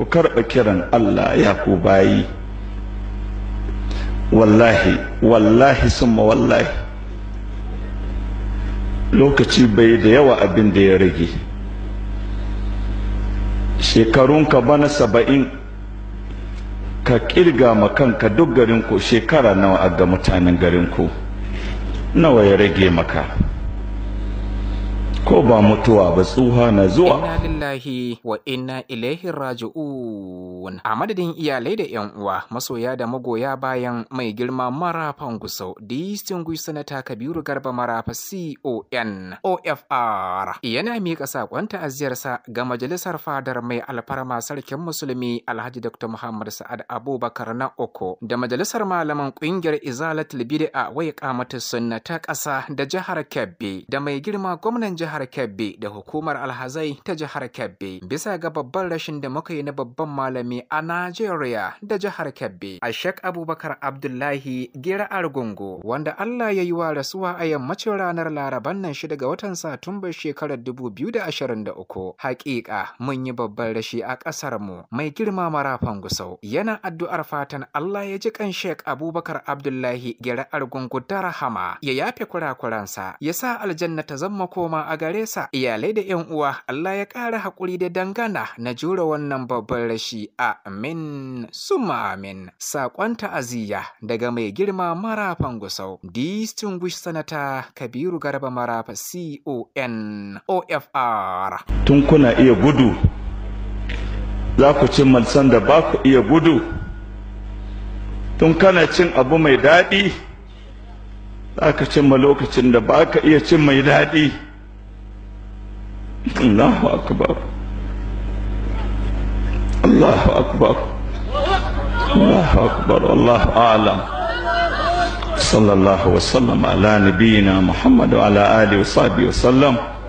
ku karɓa kiran Allah ya ku bayi wallahi wallahi summa wallahi lokaci bai da yawa abin da ya rage shekarunka bana saba'in ka kirga ma kanka duk garinku shekara nawa a ga mutanen garinku nawa ya rage maka ko ba mutuwa ba tsuha na zuwa inna lillahi wa inna ilaihi raji'un Gawun. A madadin iyalai da 'yan uwa, masoya da magoya bayan mai girma marafan gusau, distinguished senator Kabiru Garba Marafa CON OFR. Yana miƙa saƙon ta'aziyarsa ga majalisar fadar mai alfarma sarkin musulmi Alhaji Dr. Muhammad Sa'ad Abubakar na Oko da majalisar malaman ƙungiyar Izalatul Bid'a wai kamata sunna ta ƙasa da jihar Kebbi da mai girma gwamnan jihar Kebbi da hukumar alhazai ta jihar Kebbi bisa ga babban rashin da muka yi na babban malami Rimi a Najeriya da jihar Kebbi a shek Abubakar Abdullahi Gira Argungu wanda Allah ya yi wa rasuwa a yammacin ranar Laraban nan shi daga watan Satumbar shekarar 2023. Hakika mun yi babban rashi a ƙasar mu mai girma marafan gusau. Yana addu'ar fatan Allah ya ji kan shek Abubakar Abdullahi Gira Argungu da rahama ya yafe kurakuransa ya sa aljanna ta zama koma a gare sa iyalai da 'yan uwa Allah ya ƙara haƙuri da dangana na jure wannan babban rashi amin suma amin saƙon ta'aziyya daga mai girma marafan gusau distinguished sanata kabiru garba marafa con ofr tun kuna iya gudu za ku cin malsan da ba ku iya gudu tun kana cin abu mai daɗi za ka cimma lokacin da ba ka iya cin mai daɗi Allahu akbar الله أكبر الله أكبر والله أعلم صلى الله وسلم على نبينا محمد وعلى آله وصحبه وسلم